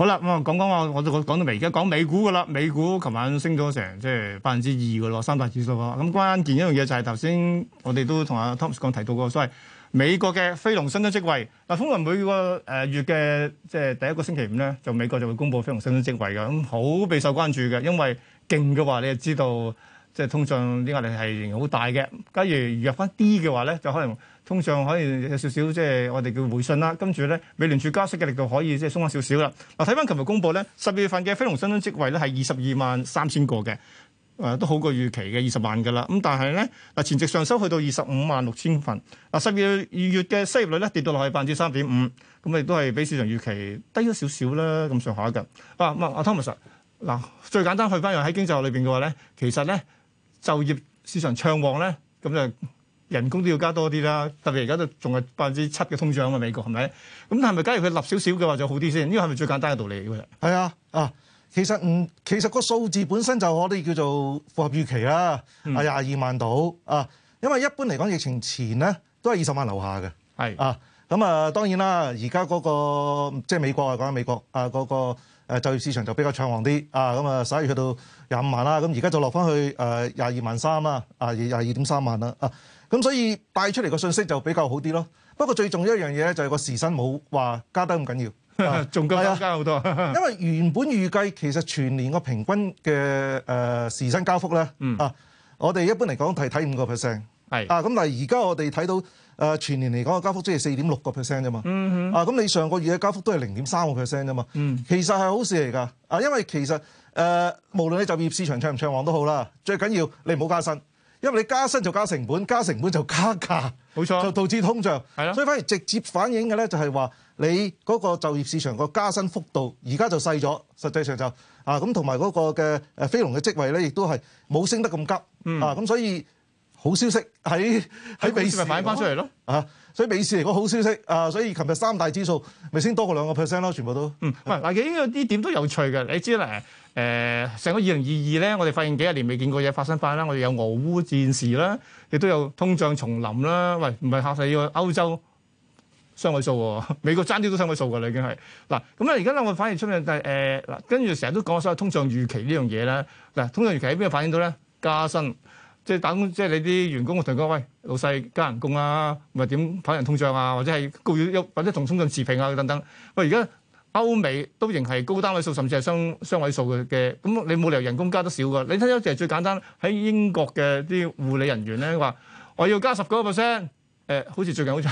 好啦，咁啊，講講我，我講講到尾，而家講美股噶啦，美股琴晚升咗成即係百分之二噶咯，三百指數啊，咁關鍵一樣嘢就係頭先我哋都同阿 Tom 講提到過，所謂美國嘅非農新增職位，嗱，通常每個月嘅即係第一個星期五咧，就美國就會公布非農新增職位㗎。咁好備受關注嘅，因為勁嘅話，你就知道。即係通脹啲壓力係仍然好大嘅。假如弱翻啲嘅話咧，就可能通脹可以有少少即係我哋叫回信啦。跟住咧，美聯儲加息嘅力度可以即係鬆翻少少啦。嗱，睇翻琴日公佈咧，十二月份嘅非農新增職位咧係二十二萬三千個嘅，誒都好過預期嘅二十萬㗎啦。咁但係咧，嗱前值上收去到二十五萬六千份。嗱十二月嘅失業率咧跌到落去百分之三點五，咁亦都係比市場預期低咗少少啦。咁上下一陣。啊，阿、啊、Thomas，嗱最簡單去翻又喺經濟學裏邊嘅話咧，其實咧。就業市場暢旺咧，咁就人工都要加多啲啦。特別而家都仲係百分之七嘅通脹啊，美國係咪？咁係咪假如佢立少少嘅話就好啲先？呢個係咪最簡單嘅道理嚟嘅？係啊，啊，其實唔、嗯，其實個數字本身就可以叫做符合預期啦，係廿二萬度啊。因為一般嚟講，疫情前咧都係二十萬樓下嘅。係啊，咁啊，當然啦，而家嗰個即係美國啊，就係、美國啊，講緊美國啊嗰個。誒、啊、就業市場就比較暢旺啲啊，咁啊十一月去到廿五萬啦，咁而家就落翻去誒廿二萬三啦，啊廿二點三萬啦啊，咁所以帶出嚟個信息就比較好啲咯。不過最重要的一樣嘢咧就係個時薪冇話加得咁緊要，仲、啊、加好多、啊。因為原本預計其實全年個平均嘅誒、呃、時薪加幅咧，嗯、啊我哋一般嚟講係睇五個 percent，係啊咁，但係而家我哋睇到。誒全年嚟講個加幅只係四點六個 percent 啫嘛，啊咁你上個月嘅加幅都係零點三個 percent 啫嘛，其實係好事嚟㗎，啊因為其實誒、呃、無論你就業市場暢唔暢旺都好啦，最緊要你唔好加薪，因為你加薪就加成本，加成本就加價，冇錯、啊，就導致通脹，係咯，所以反而直接反映嘅咧就係話你嗰個就業市場個加薪幅度而家就細咗，實際上就啊咁同埋嗰個嘅誒非農嘅職位咧，亦都係冇升得咁急，嗯、啊咁所以。好消息喺喺美市咪反映翻出嚟咯，啊！所以美市嚟個好消息啊，所以琴日三大指數咪升多過兩個 percent 咯，全部都。唔、嗯、係，嗱，依個呢點都有趣嘅。你知咧，誒、呃，成個二零二二咧，我哋發現幾十年未見過嘢發生翻啦。我哋有俄烏戰事啦，亦都有通脹重臨啦。喂，唔係嚇死個歐洲雙位數喎、啊，美國爭啲都雙位數㗎啦，已經係。嗱、嗯，咁啊，而家咧我反而出面但係誒，嗱、呃，跟住成日都講咗所謂通脹預期呢樣嘢咧。嗱，通脹預期喺邊度反映到咧？加薪。即係打工，即係你啲員工，我同佢講：喂，老細加人工啊，咪係點跑人通脹啊，或者係高於或者同通脹持平啊等等。喂，而家歐美都仍係高單位數，甚至係雙雙位數嘅。咁你冇理由人工加得少㗎。你睇一隻最簡單，喺英國嘅啲護理人員咧話：我要加十個 percent。誒 好似最近好似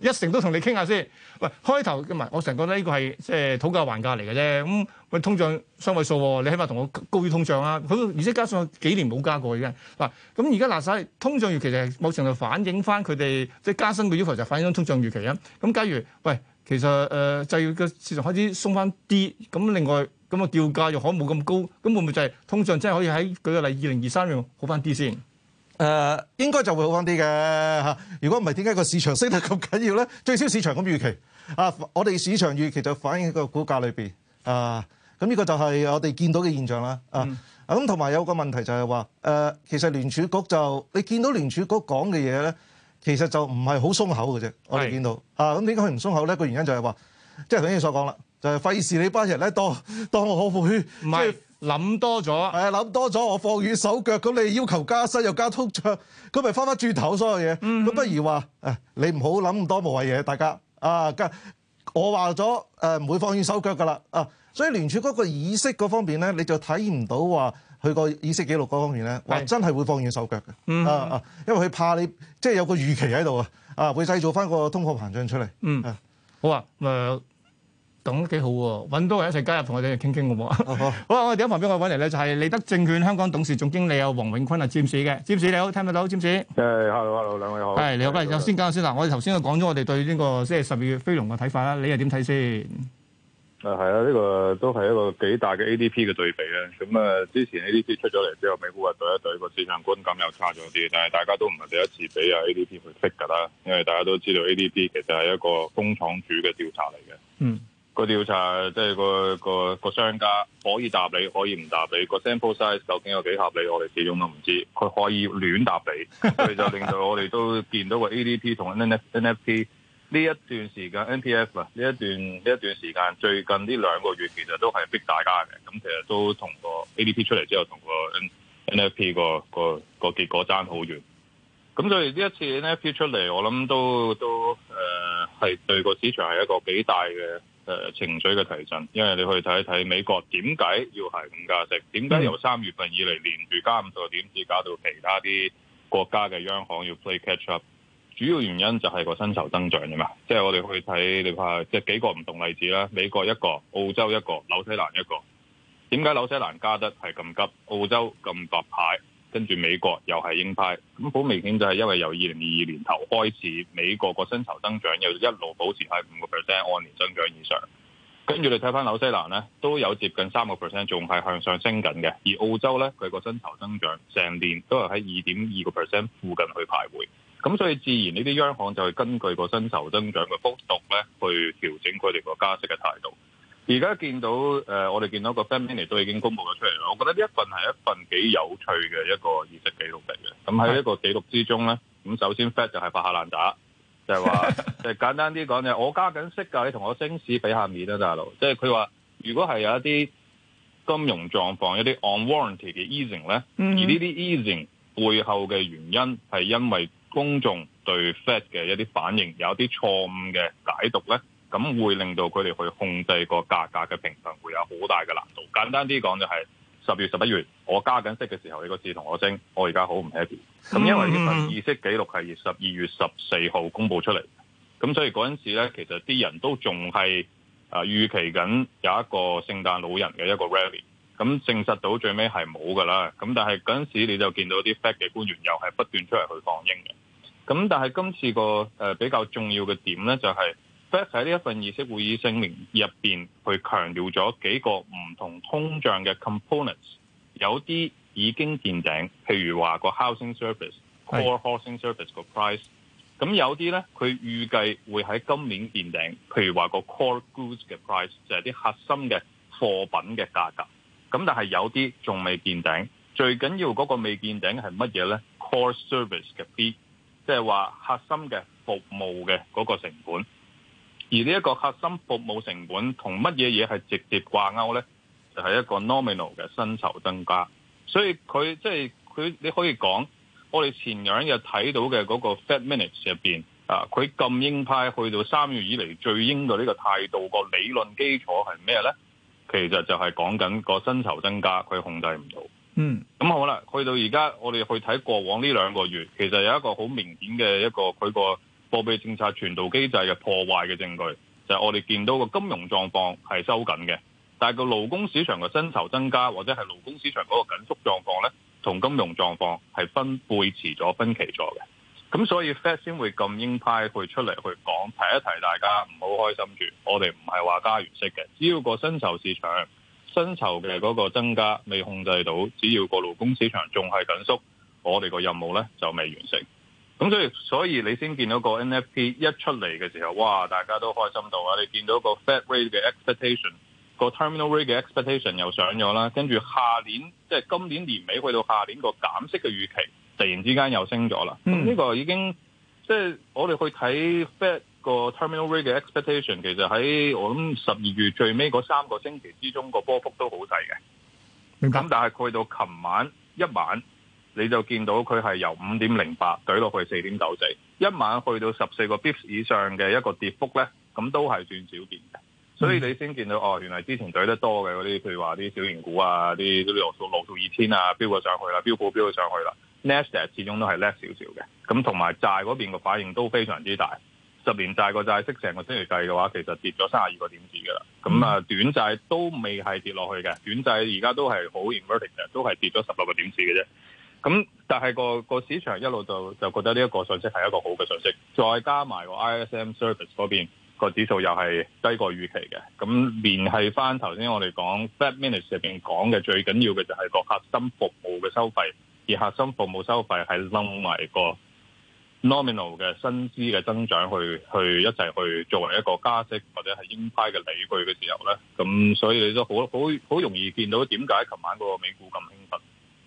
一成都同你傾下先，喂，開頭唔係我成日覺得呢個係即係討價還價嚟嘅啫。咁喂，通脹雙位數喎，你起碼同我高於通脹啊！佢而且加上幾年冇加過已經嗱，咁而家嗱晒通脹預期就係某程度反映翻佢哋即係加薪嘅要求，就反映緊通脹預期啊！咁假如喂，其實就業嘅市場開始鬆翻啲，咁另外咁啊、嗰個、調價又可冇咁高，咁會唔會就係通脹真係可以喺舉個例二零二三年好翻啲先？誒、uh, 應該就會好翻啲嘅吓，如果唔係點解個市場升得咁緊要咧？最少市場咁預期啊，我哋市場預期就反映喺個股價裏邊啊，咁呢個就係我哋見到嘅現象啦啊！咁同埋有個問題就係話誒，其實聯儲局就你見到聯儲局講嘅嘢咧，其實就唔係好鬆口嘅啫，我哋見到啊，咁點解佢唔鬆口咧？個原因就係話，即係等於所講啦，就係費事你班人咧，當當我會唔係。諗多咗，係啊！諗多咗，我放軟手腳咁，你要求加薪又加通脹，咁咪翻翻轉頭所有嘢。咁、嗯、不如話，誒，你唔好諗咁多無謂嘢，大家啊！我話咗誒，唔、啊、會放軟手腳噶啦啊！所以聯儲嗰個議息嗰方面咧，你就睇唔到話佢個議息紀錄嗰方面咧，話真係會放軟手腳嘅、嗯、啊！因為佢怕你，即、就、係、是、有個預期喺度啊！啊，會製造翻個通貨膨脹出嚟。嗯、啊，好啊，咁、呃。講得幾好喎！揾多人一齊加入，同我哋嚟傾傾好啊，我哋喺旁邊我找，我揾嚟咧就係、是、利得證券香港董事總經理啊，王榮昆啊，佔士嘅佔士，你好，聽唔聽到佔士？誒、hey,，hello hello, hey, hello，兩位好。係、hey,，你好。不、hey. 如先講下先啦，我哋頭先講咗我哋對呢個即係十二月非農嘅睇法啦，你又點睇先？誒係啊，呢、這個都係一個幾大嘅 ADP 嘅對比咧。咁啊，之前 ADP 出咗嚟之後，美股啊對一對個市場觀感又差咗啲，但係大家都唔係第一次比啊 ADP 去識㗎啦，因為大家都知道 ADP 其實係一個工廠主嘅調查嚟嘅。嗯。個調查即係個個個商家可以答你，可以唔答你。個 sample size 究竟有幾合理，我哋始終都唔知。佢可以亂答你，所以就令到我哋都見到個 ADP 同 NFP 呢 一段時間，NPF 啊，呢一段呢一段時間，最近呢兩個月其實都係逼大家嘅，咁其實都同個 ADP 出嚟之後同個 NFP 個個、個結果爭好遠。咁所以呢一次 NFP 出嚟，我諗都都誒係、呃、對個市場係一個幾大嘅。情緒嘅提振，因為你去睇一睇美國點解要係五加息，點解由三月份以嚟連住加五個點，至加到其他啲國家嘅央行要 play catch up，主要原因就係個薪酬增長㗎嘛。即係我哋去睇你話，即係幾個唔同例子啦，美國一個、澳洲一個、紐西蘭一個，點解紐西蘭加得係咁急，澳洲咁踏牌？跟住美國又係鷹派，咁好明顯就係因為由二零二二年頭開始，美國個薪酬增長又一路保持喺五個 percent 按年增長以上。跟住你睇翻紐西蘭咧，都有接近三個 percent 仲係向上升緊嘅，而澳洲咧佢個薪酬增長成年都係喺二點二個 percent 附近去徘徊。咁所以自然呢啲央行就會根據個薪酬增長嘅幅度咧，去調整佢哋個加息嘅態度。而家見到誒、呃，我哋見到一個 Family 都已經公布咗出嚟啦。我覺得呢一份係一份幾有趣嘅一個議息記錄嚟嘅。咁喺呢個記錄之中咧，咁首先 Fed 就係發下爛打，就係、是、話， 就簡單啲講嘅，我加緊息㗎，你同我升市俾下面啦大佬。即係佢話，如果係有一啲金融狀況、一啲 unwarranted 嘅 easing 咧，mm -hmm. 而呢啲 easing 背後嘅原因係因為公眾對 Fed 嘅一啲反應有啲錯誤嘅解讀咧。咁會令到佢哋去控制個價格嘅平衡，會有好大嘅難度。簡單啲講、就是，就係十月十一月，我加緊息嘅時候，你個字同我升，我而家好唔 happy、嗯。咁因為呢份議息紀錄係十二月十四號公佈出嚟，咁所以嗰陣時咧，其實啲人都仲係啊預期緊有一個聖誕老人嘅一個 rally。咁證實到最尾係冇㗎啦。咁但係嗰陣時你就見到啲 Fed 嘅官員又係不斷出嚟去放鷹嘅。咁但係今次個誒比較重要嘅點咧、就是，就係。第一，喺呢一份議息會議聲明入面，佢強調咗幾個唔同通脹嘅 components，有啲已經見頂，譬如話個 housing service core housing service 個 price，咁有啲咧佢預計會喺今年見頂，譬如話個 core goods 嘅 price 就係啲核心嘅貨品嘅價格。咁但係有啲仲未見頂，最緊要嗰個未見頂係乜嘢咧？Core service 嘅啲，即係話核心嘅服務嘅嗰個成本。而呢一個核心服務成本同乜嘢嘢係直接掛鈎呢就係、是、一個 nominal 嘅薪酬增加，所以佢即係佢你可以講，我哋前兩日睇到嘅嗰個 Fed Minutes 入面，啊，佢咁鷹派去到三月以嚟最鷹嘅呢個態度個理論基礎係咩呢？其實就係講緊個薪酬增加佢控制唔到。嗯，咁好啦，去到而家我哋去睇過往呢兩個月，其實有一個好明顯嘅一個佢個。貨幣政策傳導機制嘅破壞嘅證據就係、是、我哋見到個金融狀況係收緊嘅，但係個勞工市場嘅薪酬增加或者係勞工市場嗰個緊縮狀況咧，同金融狀況係分背馳咗、分歧咗嘅。咁所以 Fed 先會咁鷹派佢出嚟去講提一提大家，唔好開心住。我哋唔係話加完息嘅，只要個薪酬市場薪酬嘅嗰個增加未控制到，只要個勞工市場仲係緊縮，我哋個任務咧就未完成。咁所以，所以你先見到個 NFP 一出嚟嘅時候，哇！大家都開心到啊！你見到個 Fed rate 嘅 expectation，個 terminal rate 嘅 expectation 又上咗啦。跟住下年，即係今年年尾去到下年個減息嘅預期，突然之間又升咗啦。咁，嗯，呢個已經即係我哋去睇 Fed 個 terminal rate 嘅 expectation，其實喺我諗十二月最尾嗰三個星期之中，個波幅都好細嘅。明白。咁但係去到琴晚一晚。你就見到佢係由五點零八對落去四點九四，一晚去到十四個 bips 以上嘅一個跌幅咧，咁都係算少見嘅。所以你先見到哦，原來之前對得多嘅嗰啲，譬如話啲小型股啊，啲嗰啲羅素羅素二千啊，飆咗上去啦，標普飆咗上去啦。Nasdaq 始終都係叻少少嘅，咁同埋債嗰邊個反應都非常之大。十年債個債息成個星期計嘅話，其實跌咗三十二個點子噶啦。咁啊，短債都未係跌落去嘅，短債而家都係好 inverting 嘅，都係跌咗十六個點子嘅啫。咁但係個個市場一路就就覺得呢一個信息係一個好嘅信息，再加埋個 ISM service 嗰邊個指數又係低過預期嘅。咁聯繫翻頭先我哋講 Fed minutes 入邊講嘅最緊要嘅就係個核心服務嘅收費，而核心服務收費係拎埋個 nominal 嘅薪資嘅增長去去一齊去作為一個加息或者係鷹派嘅理據嘅時候咧，咁所以你都好好好容易見到點解琴晚個美股咁興奮。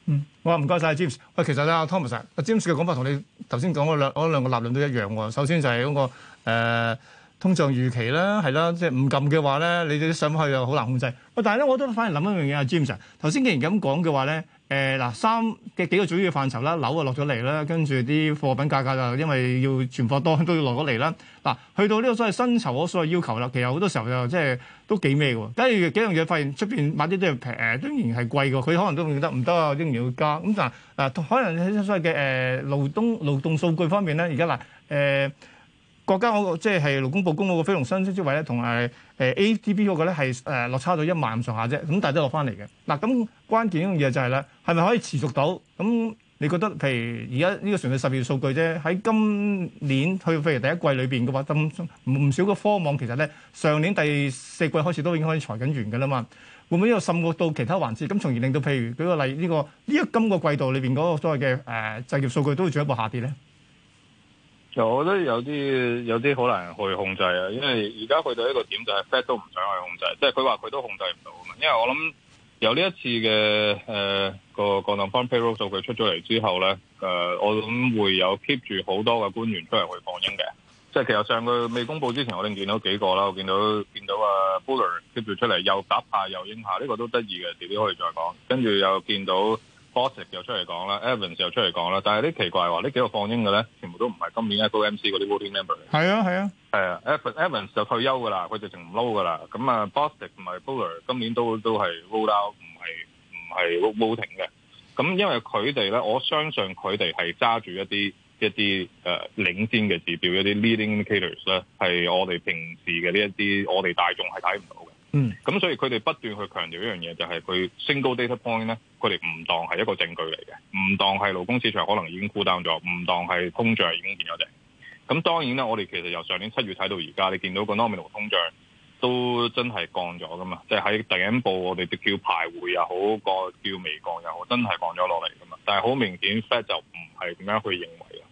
嗯，我話唔該晒 James。喂，其實咧，Thomas 啊，James 嘅講法同你頭先講嗰兩嗰個立論都一樣喎、哦。首先就係嗰、嗰個、呃、通脹預期啦，係啦，即係唔撳嘅話咧，你上去又好難控制。喂，但係咧，我都反而諗一樣嘢啊，James 啊，頭先既然咁講嘅話咧。誒嗱三嘅幾個主要嘅範疇啦，樓啊落咗嚟啦，跟住啲貨品價格就因為要存貨多都要落咗嚟啦。嗱，去到呢個所謂嘅薪酬嘅所謂要求啦，其實好多時候又即係都幾咩嘅。假如幾樣嘢發現出面買啲都係平、呃，當然係貴嘅，佢可能都覺得唔得，唔得啊，仍然會加。咁但係誒，可能喺所謂嘅誒、呃、勞動勞動數據方面咧，而家嗱誒。呃國家嗰個即係勞工部公布嘅非農新息職位咧，同係誒 A T B 嗰個咧係誒落差咗一萬上下啫。咁但係都落翻嚟嘅。嗱，咁關鍵一樣嘢就係、是、啦，係咪可以持續到？咁你覺得譬如而家呢個純粹十二月數據啫，喺今年去譬如第一季裏邊嘅話，咁唔少嘅科網其實咧上年第四季開始都已經開始裁緊員嘅啦嘛。會唔會呢個滲過到其他環節？咁從而令到譬如舉個例呢、這個呢一今個季度裏邊嗰個所謂嘅誒製業數據都會進一步下跌咧？其實我覺得有啲有啲好難去控制啊，因為而家去到一個點就係 Fed 都唔想去控制，即係佢話佢都控制唔到啊嘛。因為我諗有呢一次嘅誒個降息方 Payroll 數據出咗嚟之後咧，誒、呃、我諗會有 keep 住好多嘅官員出嚟去放音嘅。即係其實上個未公布之前，我哋見到幾個啦，我見到見到啊 Bullard keep 住出嚟又搭下又應下，呢個都得意嘅，遲啲可以再講。跟住又見到。Bostic 又出嚟講啦，Evans 又出嚟講啦，但係啲奇怪話，呢幾個放鷹嘅咧，全部都唔係今年 FOMC 嗰啲 voting member 嚟。係啊，係啊，係啊，Evans Evans 就退休㗎啦，佢直情唔撈㗎啦。咁啊，Bostic 同埋 Bullard，今年都都係 voted out，唔係唔係 voting 嘅。咁因為佢哋咧，我相信佢哋係揸住一啲一啲誒領先嘅指標，一啲 leading indicators 咧，係我哋平時嘅呢一啲我哋大眾係睇唔到嘅。嗯，咁所以佢哋不斷去強調一樣嘢，就係佢 single data point 咧，佢哋唔當係一個證據嚟嘅，唔當係勞工市場可能已經 cool down 咗，唔當係通脹已經變咗嘅。咁當然啦，我哋其實由上年七月睇到而家，你見到個 nominal 通脹都真係降咗噶嘛，即係喺第一步我哋叫排會又好，個叫微降又好，真係降咗落嚟噶嘛。但係好明顯 Fed 就唔係咁樣去認為。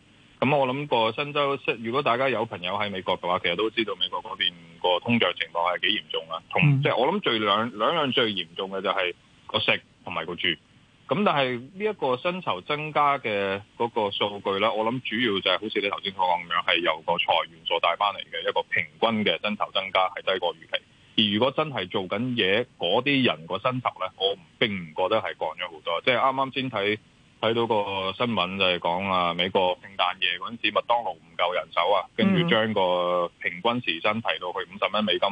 咁、嗯、我諗個新州如果大家有朋友喺美國嘅話，其實都知道美國嗰邊個通脹情況係幾嚴重啦。同、嗯、即係我諗最兩兩樣最嚴重嘅就係個食同埋個住。咁但係呢一個薪酬增加嘅嗰個數據咧，我諗主要就係、是、好似你頭先所講咁樣，係由個裁員所帶翻嚟嘅一個平均嘅薪酬增加係低過預期。而如果真係做緊嘢嗰啲人個薪酬咧，我並唔覺得係降咗好多。即係啱啱先睇。睇到個新聞就係講啊，美國聖誕夜嗰陣時，麥當勞唔夠人手啊，跟住將個平均時薪提到去五十蚊美金。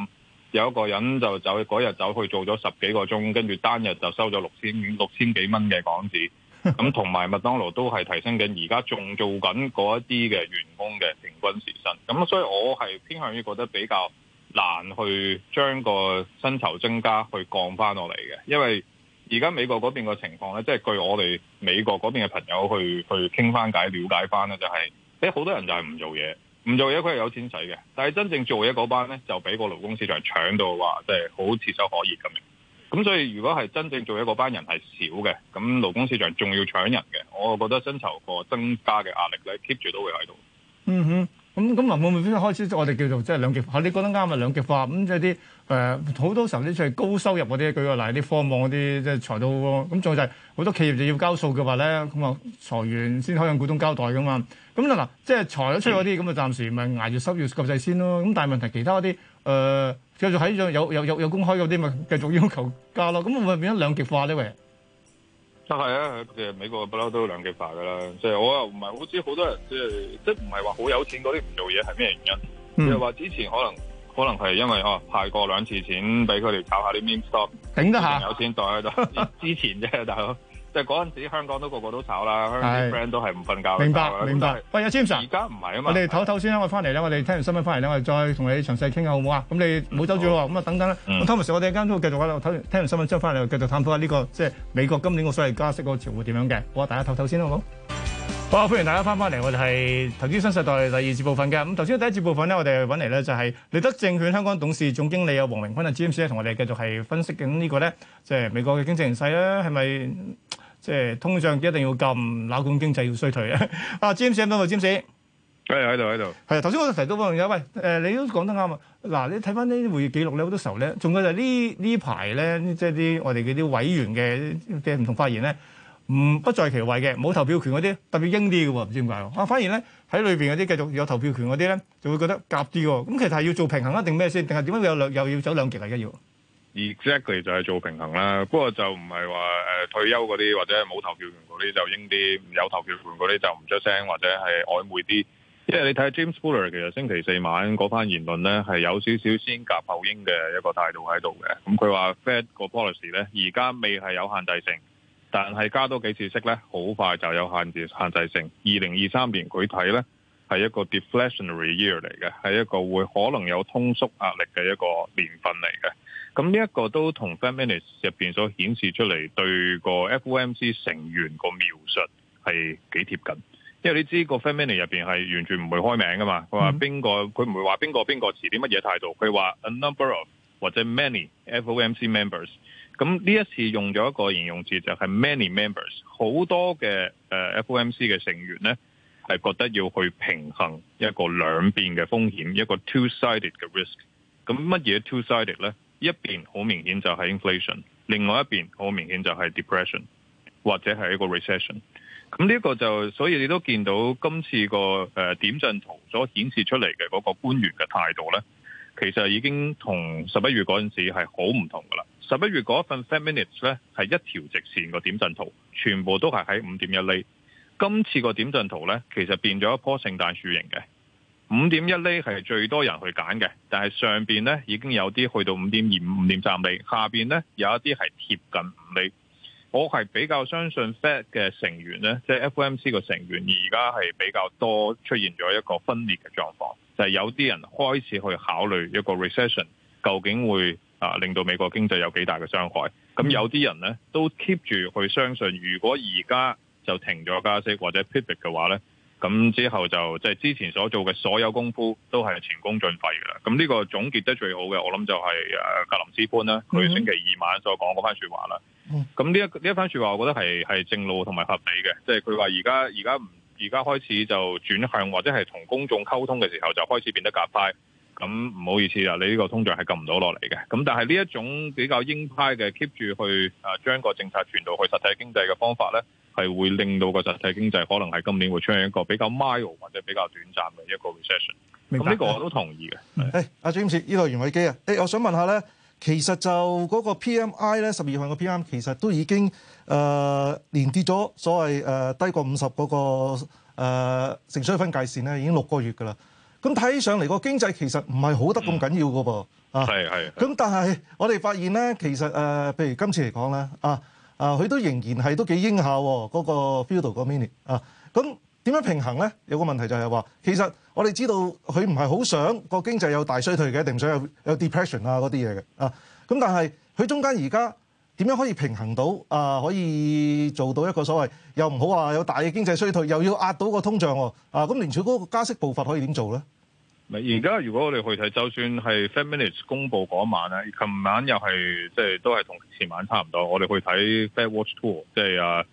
有一個人就走嗰日走去做咗十幾個鐘，跟住單日就收咗六千六千幾蚊嘅港紙。咁同埋麥當勞都係提升緊，而家仲做緊嗰一啲嘅員工嘅平均時薪。咁所以我係偏向於覺得比較難去將個薪酬增加去降翻落嚟嘅，因為而家美國嗰邊個情況咧，即係據我哋美國嗰邊嘅朋友去去傾返偈、了解翻咧，就係誒好多人就係唔做嘢，唔做嘢佢係有錢使嘅，但係真正做嘢嗰班咧就俾個勞工市場搶到話，即係好炙手可熱咁樣。咁所以如果係真正做嘢嗰班人係少嘅，咁勞工市場仲要搶人嘅，我覺得薪酬個增加嘅壓力咧 keep 住都會喺度。嗯哼，咁咁林會唔會開始我哋叫做即係、就是、兩極？嚇，你覺得啱咪兩極化咁即係啲。誒、呃、好多時候啲出係高收入嗰啲，舉個例啲科網嗰啲即係裁到好多，咁、嗯、再就係好多企業就要交數嘅話咧，咁啊裁員先可以向股東交代噶嘛。咁啦嗱，即係裁咗出去嗰啲咁啊，暫時咪捱住收月救濟先咯。咁但係問題其他嗰啲誒繼續喺有有有有公開嗰啲，咪繼續要求加咯。咁會唔會變咗兩極化呢？喂、嗯，就係啊，其實美國不嬲都兩極化噶啦。即係我又唔係好知好多人即係即係唔係話好有錢嗰啲唔做嘢係咩原因？就話、是、之前可能。可能係因為哦派過兩次錢俾佢哋炒下啲 meme stock，頂得下有錢袋喺度， 之前啫大佬，即係嗰陣時香港都個個都炒啦，香港啲 friend 都係唔瞓覺。明白，明白。喂阿 James，而家唔係啊嘛，我哋唞唞先啦，我翻嚟咧，我哋聽完新聞翻嚟咧，我哋再同你詳細傾下好唔好、嗯嗯、啊？咁你唔好走住喎，咁啊等等啦。我 Thomas 我哋一間都繼續喺度唞，聽完新聞出翻嚟又繼續探討下呢、這個即係、就是、美國今年個所謂加息個潮會點樣嘅。好啊，大家唞唞先好唔好？好，歡迎大家翻翻嚟，我哋係投資新世代第二節部分嘅。咁頭先第一節部分咧，我哋揾嚟咧就係利得證券香港董事總經理黃啊王榮昆啊同我哋繼續係分析緊呢個咧，即係美國嘅經濟形勢啦，係咪即係通脹一定要撳，哪管經濟要衰退咧、 啊？啊，詹先生，翻過詹生，係喺度喺度。係啊，頭先我提到嗰樣嘢，喂，誒，你都講得啱啊。嗱，你睇翻啲會議記錄咧，好多時候咧，仲有就係呢呢排咧，即係啲我哋嗰啲委員嘅嘅唔同發言咧。唔不在其位嘅冇投票權嗰啲特別鷹啲嘅喎，唔知點解啊！反而咧，喺裏邊嗰啲繼續有投票權嗰啲咧，就會覺得鴿啲喎。咁其實係要做平衡啊，定咩先？定係點樣有兩又要走兩極嚟嘅要？Exactly 就係做平衡啦。不過就唔係話誒退休嗰啲或者冇投票權嗰啲就鷹啲，有投票權嗰啲就唔出聲或者係曖昧啲。即、yeah, 係你睇下 James Bullard 其實星期四晚嗰番言論咧係、mm. 有少少先鴿後鷹嘅一個態度喺度嘅。咁佢話 Fed 個 policy 咧而家未係有限制性。但係加多幾次息呢，好快就有限制限制性。二零二三年佢睇呢，係一個 deflationary year 嚟嘅，係一個會可能有通縮壓力嘅一個年份嚟嘅。咁呢一個都同 Fed Minutes 入邊所顯示出嚟對個 FOMC 成員個描述係幾貼近，因為你知道個 Fed Minutes 入邊係完全唔會開名噶嘛，佢話邊個佢唔會話邊個邊個持啲乜嘢態度，佢話 a number of 或者 many FOMC members。咁呢一次用咗一個形容詞就係 many members，好多嘅誒 FOMC 嘅成員咧係覺得要去平衡一個兩邊嘅風險，一個 two sided 嘅 risk。咁乜嘢 two sided 咧？一邊好明顯就係 inflation，另外一邊好明顯就係 depression 或者係一個 recession。咁呢個就所以你都見到今次個誒、呃、點陣圖所顯示出嚟嘅嗰個官員嘅態度咧，其實已經同十一月嗰陣時係好唔同噶啦。十一月嗰份 Fed minutes 咧，係一條直線個點陣圖，全部都係喺五點一厘。今次個點陣圖咧，其實變咗一棵聖誕樹型嘅。五點一厘，係最多人去揀嘅，但係上邊咧已經有啲去到五點二五、五點三厘，下邊咧有一啲係貼近五厘。我係比較相信 Fed 嘅成員咧，即係 FMC 個成員，而家係比較多出現咗一個分裂嘅狀況，就係、是、有啲人開始去考慮一個 recession 究竟會。啊！令到美國經濟有幾大嘅傷害，咁有啲人咧都 keep 住去相信，如果而家就停咗加息或者 pivot 嘅話咧，咁之後就即係、就是、之前所做嘅所有功夫都係前功盡廢嘅啦。咁呢個總結得最好嘅，我諗就係、是、誒、呃、格林斯潘啦，佢星期二晚所講嗰番說話啦。咁呢一呢一番說話，我覺得係係正路同埋合理嘅，即係佢話而家而家唔而家開始就轉向或者係同公眾溝通嘅時候，就開始變得鷹派。咁唔好意思啊，你呢個通脹係撳唔到落嚟嘅。咁但係呢一種比較鷹派嘅 keep 住去啊，將個政策傳到去實體經濟嘅方法咧，係會令到個實體經濟可能係今年會出現一個比較 mild 或者比較短暫嘅一個 recession。咁呢個我都同意嘅。誒、嗯，阿 James，呢個袁偉基啊，誒、欸，我想問下咧，其實就嗰個 PMI 咧，十二月份嘅 PMI 其實都已經誒、呃、連跌咗所謂誒、呃、低過五十嗰個誒、呃、盛衰分界線咧，已經六個月㗎啦。咁睇起上嚟個經濟其實唔係好得咁緊要噶噃，啊、嗯，咁但係我哋發現咧，其實誒、呃，譬如今次嚟講咧，啊，啊，佢、啊、都、啊啊、仍然係都幾英喎。嗰、那個 field 嗰個 mini 啊，咁、啊、點、啊、樣平衡咧？有個問題就係話，其實我哋知道佢唔係好想個經濟有大衰退嘅，一定唔想有有 depression 啊嗰啲嘢嘅，啊，咁、啊、但係佢中間而家。點樣可以平衡到啊、呃？可以做到一個所謂又唔好話有大嘅經濟衰退，又要壓到個通脹喎、哦、啊！咁聯儲局加息步伐可以點做咧？咪而家如果我哋去睇，就算係 Fed Minutes 公佈嗰晚咧，琴晚又係即係都係同前晚差唔多。我哋去睇 Fed Watch Tool，即係啊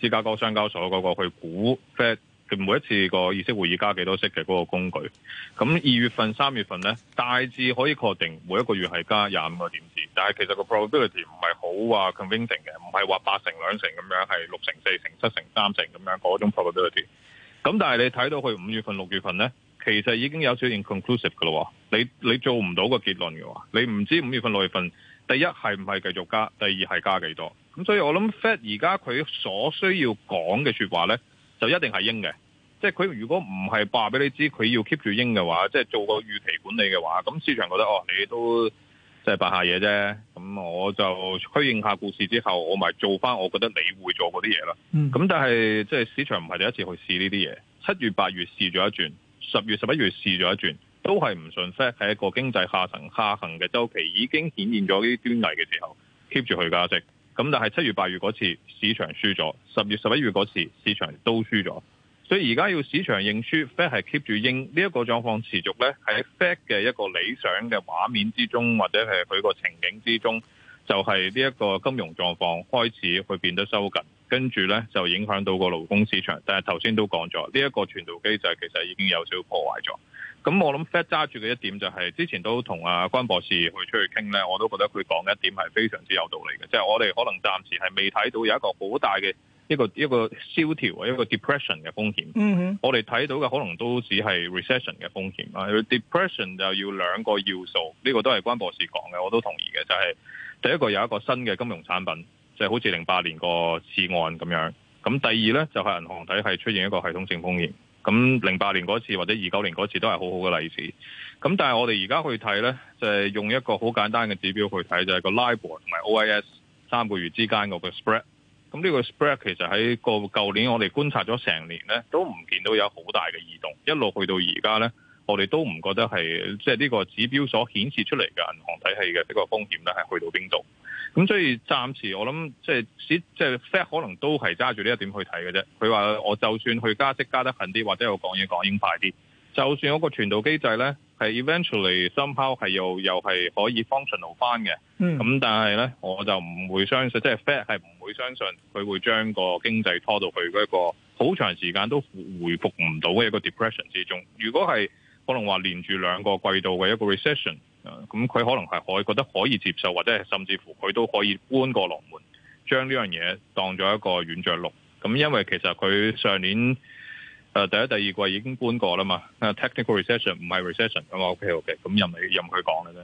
芝加哥商交所嗰、嗰個去估 Fed 佢每一次個議息會議加幾多少息嘅嗰個工具。咁二月份、三月份咧，大致可以確定每一個月係加廿五個點。但係其實個 probability 唔係好話 convincing 嘅，唔係話八成兩成咁樣，係六成四成七成三成咁樣嗰種 probability。咁、嗯、但係你睇到佢五月份六月份呢，其實已經有少少 inconclusive 嘅咯。你你做唔到個結論嘅話，你唔知五月份六月份第一係唔係繼續加，第二係加幾多。咁所以我諗 Fed 而家佢所需要講嘅說話呢，就一定係鷹嘅。即係佢如果唔係話俾你知佢要 keep 住鷹嘅話，即係做個預期管理嘅話，咁市場覺得哦，你都。即係扮下嘢啫，咁我就虛應下故事之後，我咪做翻我覺得理會咗嗰啲嘢啦。咁、嗯、但係即係市場唔係第一次去試呢啲嘢，七月八月試咗一轉，十月十一月試咗一轉，都係唔順 fit，係一個經濟下層下行嘅周期已經顯現咗呢啲端倪嘅時候，keep 住去價值。咁但係七月八月嗰次市場輸咗，十月十一月嗰次市場都輸咗。所以而家要市場認輸，Fed 係 keep 住應呢一個狀況持續呢，喺 Fed 嘅一個理想嘅畫面之中，或者係佢個情景之中，就係呢一個金融狀況開始去變得收緊，跟住呢就影響到個勞工市場。但係頭先都講咗，呢一個傳導機制其實已經有少少破壞咗。咁我諗 Fed 揸住嘅一點就係之前都同阿關博士去出去傾呢，我都覺得佢講嘅一點係非常之有道理嘅，即係我哋可能暫時係未睇到有一個好大嘅。一個一個蕭條啊，一個 depression 嘅風險。Mm-hmm. 我哋睇到嘅可能都只係 recession 嘅風險啊。depression 就要兩個要素，呢、這個都係關博士講嘅，我都同意嘅。就係、是、第一個有一個新嘅金融產品，就是、好似零八年個次案咁樣。咁第二咧就係、是、銀行體系出現一個系統性風險。咁零八年嗰次或者二九年嗰次都係好好嘅例子。咁但係我哋而家去睇咧，就係、是、用一個好簡單嘅指標去睇，就係、是、個 LIBOR 同埋 OIS 三個月之間個個 spread。咁呢個 spread 其實喺個舊年，我哋觀察咗成年咧，都唔見到有好大嘅異動，一路去到而家咧，我哋都唔覺得係即係呢個指標所顯示出嚟嘅銀行體系嘅一個風險咧，係去到邊度？咁所以暫時我諗即係即係 Fed 可能都係揸住呢一點去睇嘅啫。佢話我就算去加息加得近啲，或者我講嘢講英快啲，就算我個傳導機制咧。係 eventually somehow 係又又係可以 functional 翻嘅，咁、嗯、但係咧我就唔會相信，即係 Fed 係唔會相信佢會將個經濟拖到去一個好長時間都回復唔到嘅一個 depression 之中。如果係可能話連住兩個季度嘅一個 recession，咁佢可能係可以覺得可以接受，或者係甚至乎佢都可以搬過龍門，將呢樣嘢當咗一個軟著陸。咁因為其實佢上年。誒第一、第二季已經搬過啦嘛，誒 technical recession 唔係 recession 嘅嘛，OK, OK，咁又唔係任佢講嘅啫。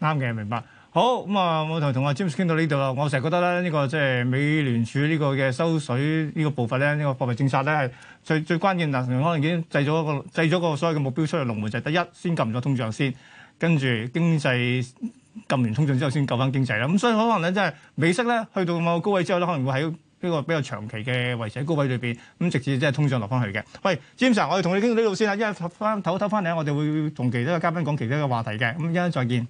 啱嘅，明白。好咁啊、嗯，我同同阿 James 傾到呢度啦。我成日覺得咧，呢、這個即係、就是、美聯儲呢個嘅收水呢個步伐咧，呢、這個貨幣政策咧係最最關鍵，但係可能已經制咗一個制咗個所有嘅目標出嚟。龍門就係第一先撳咗通脹先，跟住經濟撳完通脹之後先救翻經濟啦。咁所以可能咧，即、就、係、是、美息咧去到某個高位之後可能會喺。呢個比較長期嘅維持喺高位裏邊，咁直至即係通脹落翻去嘅。喂，Jim sir，我哋同你傾到呢度先啦，因為翻唞一唞翻嚟，我哋會同其他嘅嘉賓講其他嘅話題嘅。咁一陣再見。